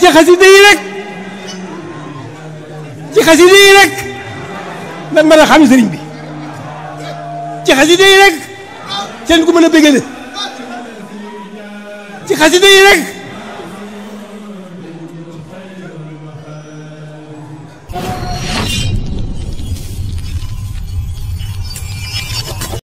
ci xasida yi rek ci xasida yi rek lan mën a xam sëriñ bi ci xasida yi rek kenn ku mën a bégale ci xasida yi rek